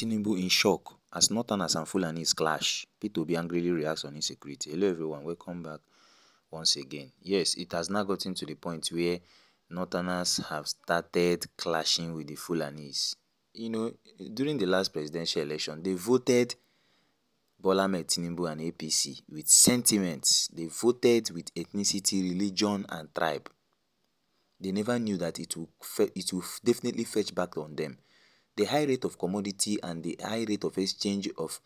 Tinubu in shock as Northerners and Fulanis clash, Peter b angrily reacts on insecurity. Hello everyone, welcome back once again. Yes, it has now gotten to the point where Northerners have started clashing with the Fulanis. You know, during the last presidential election, they voted Bola Tinubu and APC with sentiments. They voted with ethnicity, religion and tribe. They never knew that it will, it will definitely fetch back on them. The high rate of commodity and the high rate of exchange of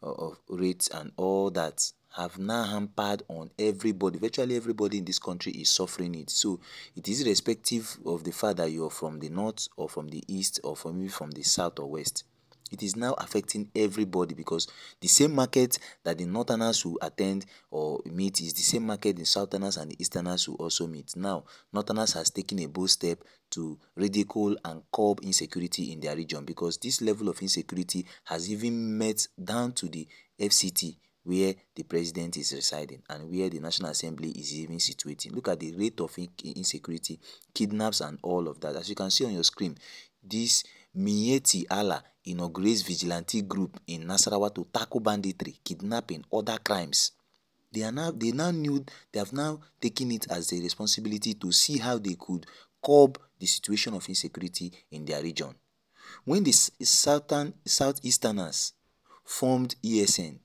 of rates and all that have now hampered on everybody. Virtually everybody in this country is suffering it. So it is irrespective of the fact that you are from the north or from the east or from, from the south or west. It is now affecting everybody because the same market that the northerners will attend or meet is the same market the southerners and the easterners will also meet. Now, northerners has taken a bold step to ridicule and curb insecurity in their region because this level of insecurity has even met down to the FCT where the president is residing and where the National Assembly is even situated. Look at the rate of insecurity, kidnaps and all of that. As you can see on your screen, this Miyeti Allah inaugurates vigilante group in Nasarawa to tackle banditry, kidnapping, other crimes. They are now they now knew they have now taken it as their responsibility to see how they could curb the situation of insecurity in their region. When the southern southeasterners formed ESN,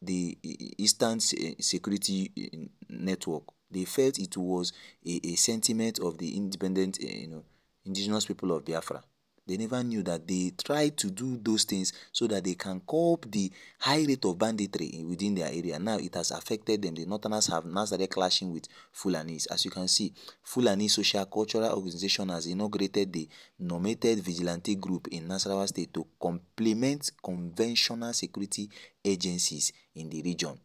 the Eastern Security Network, they felt it was a, a sentiment of the independent, eh, you know, indigenous people of Biafra. They never knew that they tried to do those things so that they can cope the high rate of banditry within their area. Now it has affected them. The Northerners have now started clashing with Fulanis. As you can see, Fulani Social Cultural Organization has inaugurated the nominated vigilante group in Nasarawa State to complement conventional security agencies in the region.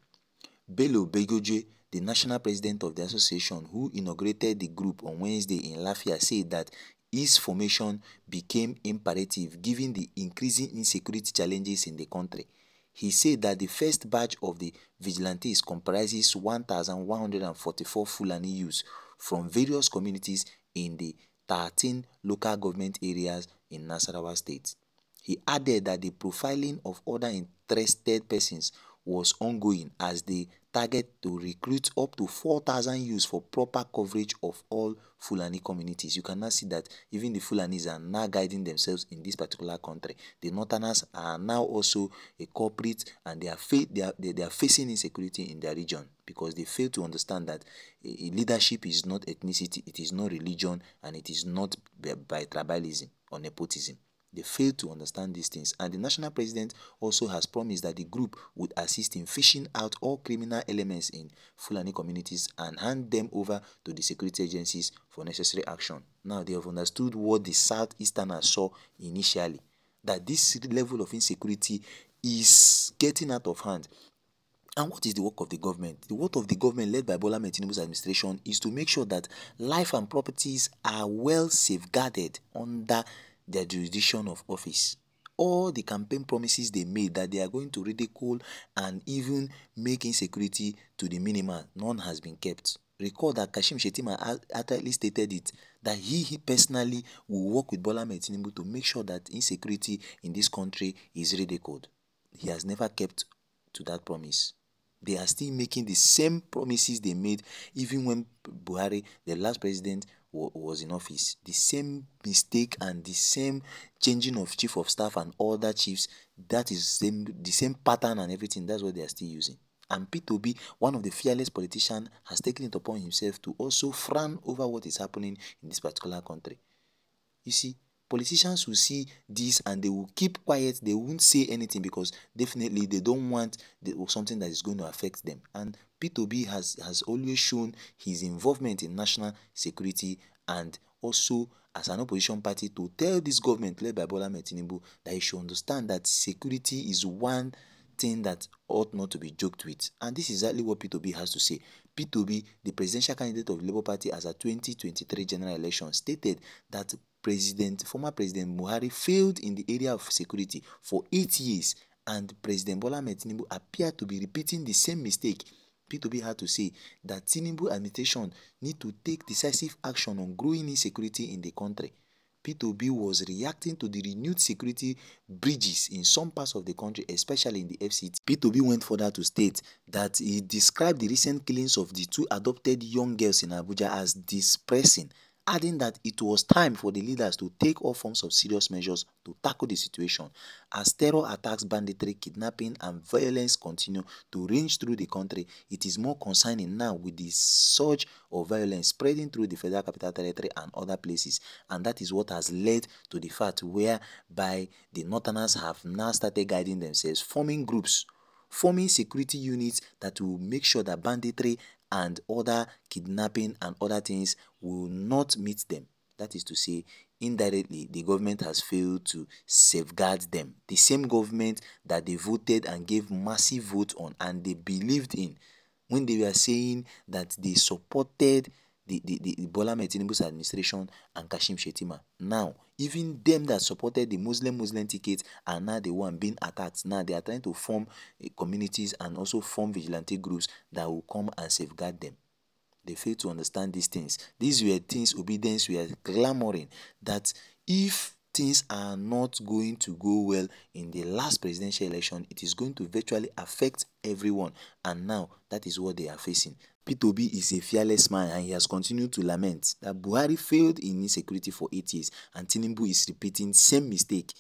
Bello Begoje, the national president of the association who inaugurated the group on Wednesday in Lafia, said that Its formation became imperative given the increasing insecurity challenges in the country. He said that the first batch of the vigilantes comprises 1,144 Fulani youths from various communities in the 13 local government areas in Nasarawa state. He added that the profiling of other interested persons was ongoing as the target to recruit up to 4,000 youths for proper coverage of all Fulani communities. You can now see that even the Fulanis are now guiding themselves in this particular country. The Northerners are now also a corporate and they are, they are, they, they are facing insecurity in their region because they fail to understand that uh, leadership is not ethnicity, it is not religion, and it is not by, by tribalism or nepotism. They failed to understand these things, and the national president also has promised that the group would assist in fishing out all criminal elements in Fulani communities and hand them over to the security agencies for necessary action. Now they have understood what the Southeasterners saw initially, that this level of insecurity is getting out of hand. And what is the work of the government? The work of the government led by Bola Tinubu's administration is to make sure that life and properties are well safeguarded under their jurisdiction of office. All the campaign promises they made that they are going to ridicule and even make insecurity to the minimum, none has been kept. Recall that Kashim Shettima utterly stated it that he, he personally will work with Bola Tinubu to make sure that insecurity in this country is ridiculed. He has never kept to that promise. They are still making the same promises they made even when Buhari, the last president, was in office, the same mistake and the same changing of chief of staff and other chiefs, that is same, the same pattern and everything. That's what they are still using. And P2B, one of the fearless politician has taken it upon himself to also frown over what is happening in this particular country. You see, politicians will see this and they will keep quiet they won't say anything because definitely they don't want the, something that is going to affect them and p2b has has always shown his involvement in national security and also as an opposition party to tell this government led by bola metinibu that he should understand that security is one thing that ought not to be joked with. And this is exactly what P2B has to say. P2B, the presidential candidate of Labour Party as a 2023 general election, stated that President, former President Buhari failed in the area of security for eight years and President Bola Ahmed Tinubu appeared to be repeating the same mistake. P2P had to say that Tinubu administration need to take decisive action on growing insecurity in the country. P2B was reacting to the renewed security breaches in some parts of the country, especially in the FCT. P2B went further to state that he described the recent killings of the two adopted young girls in Abuja as distressing adding that it was time for the leaders to take all forms of serious measures to tackle the situation as terror attacks, banditry, kidnapping, and violence continue to range through the country. It is more concerning now with the surge of violence spreading through the Federal Capital Territory and other places, and that is what has led to the fact whereby the Northerners have now started guiding themselves, forming groups forming security units that will make sure that banditry and other kidnapping and other things will not meet them. That is to say, indirectly, the government has failed to safeguard them. The same government that they voted and gave massive vote on and they believed in when they were saying that they supported the, the, the, the Bola Tinubu's administration and Kashim Shetima. Now, even them that supported the Muslim Muslim ticket are now the one being attacked. Now they are trying to form uh, communities and also form vigilante groups that will come and safeguard them. They fail to understand these things. These were things obedience we are clamoring that if things are not going to go well in the last presidential election, it is going to virtually affect everyone. And now that is what they are facing. P-Toby is a fearless man and he has continued to lament that Buhari failed in insecurity for eight years and Tinubu is repeating same mistake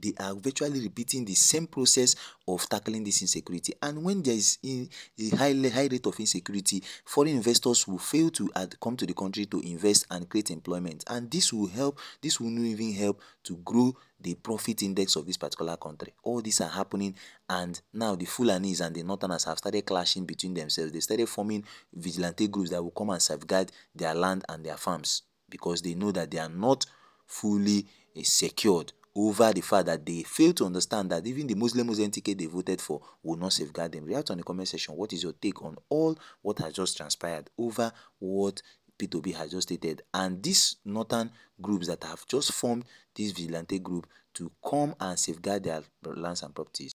they are virtually repeating the same process of tackling this insecurity. And when there is in a high, high rate of insecurity, foreign investors will fail to add, come to the country to invest and create employment. And this will help, this will not even help to grow the profit index of this particular country. All these are happening and now the Fulanis and the Northerners have started clashing between themselves. They started forming vigilante groups that will come and safeguard their land and their farms because they know that they are not fully eh, secured over the fact that they fail to understand that even the Muslim Mozambique they voted for will not safeguard them. React on the comment section. What is your take on all what has just transpired over what P2B has just stated and these northern groups that have just formed this vigilante group to come and safeguard their lands and properties?